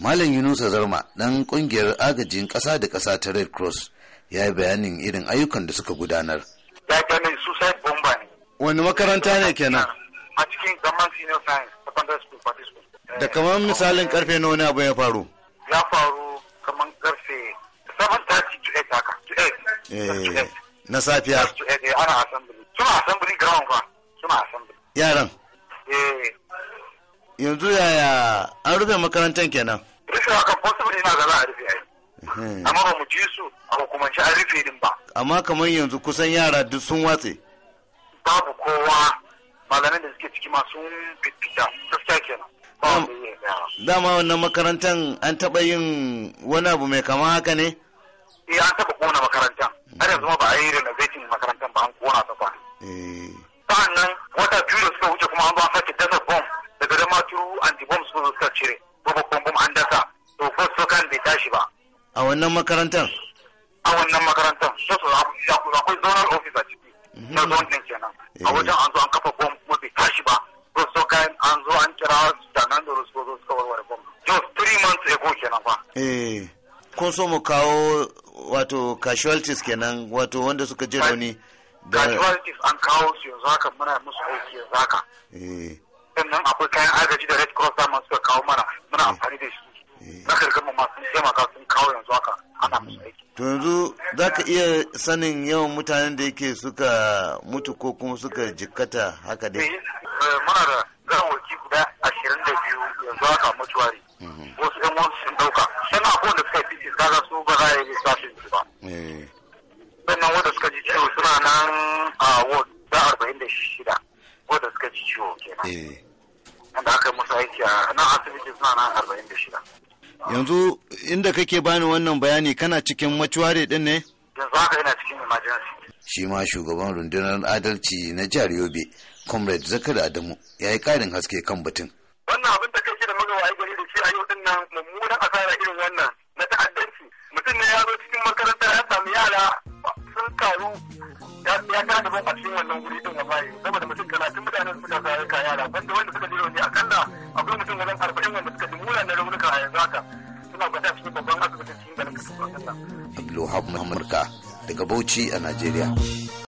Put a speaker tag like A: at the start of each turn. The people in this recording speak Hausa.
A: Malam Yunusa Zarma ɗan ƙungiyar agajin ƙasa da ƙasa ta Red Cross ya yi bayanin irin ayyukan da suka gudanar. Daga suicide bomber ne. Wani makaranta ne kenan?
B: A cikin zaman senior science secondary school
A: party school. Da kamar eh, misalin karfe nawa ne abin ya faru?
B: Ya faru kamar karfe 7:30 to 8 haka. To 8.
A: Eh, na safiya.
B: Eh, ana assembly. Suna assembly ground ba. Suna assembly. Yaran. Eh
A: yanzu yaya an rufe makarantar kenan
B: rufe haka possible na ga za a rufe amma ba mu ji su a hukumance an rufe din ba
A: amma kamar yanzu kusan yara duk sun watse
B: babu kowa malamin da suke ciki masu fitfita fita gaskiya kenan
A: dama wannan makarantar an taɓa yin wani abu mai kama haka ne? Eh an wannan makarantar?
B: A wannan makarantar, so su akwai zonal office a ciki, mhm. na zon ɗin kenan. A eh. wajen an zo an kafa bom kuma tashi ba, so so kayan an zo an kira da nan da rusu zo suka warware bom. Just three months ago
A: kenan fa. Eh, kun so mu kawo wato casualties kenan wato wanda suka je rauni. Casualties
B: an kawo su yanzu haka muna musu aiki yanzu haka. Eh. Sannan akwai kayan agaji da Red Cross dama suka kawo mana muna eh. amfani da shi. Na karkar mu masu taimaka haka ana
A: musu aiki to yanzu za ka iya sanin yawan mutanen da yake suka mutu ko kuma suka jikkata haka dai eh,
B: eh, muna da gawaki guda ashirin da biyu yanzu haka mutuwari
A: mhm. wasu yan
B: wasu sun dauka sannan ko da suka fi kaga su ba za a yi lissafin su ba eh. sannan wanda suka ji ciwo suna nan a ward da arba'in da shida wanda suka ji ciwo kenan wanda aka musu aiki a nan asibiti suna nan arba'in da shida
A: yanzu inda kake bani wannan bayani kana cikin macuware din ne yanzu haka yana cikin emergency shi ma shugaban rundunar adalci na jihar yobe comrade zakar adamu ya yi karin haske kan batun
B: wannan abin da kake da magawa ai gari da shi a yau din nan mummunan asara irin wannan na ta'addanci mutum ne ya zo cikin makaranta ya samu yara sun karu ya ta da a
A: Abdulwahab Muhammad daga Bauchi a Najeriya.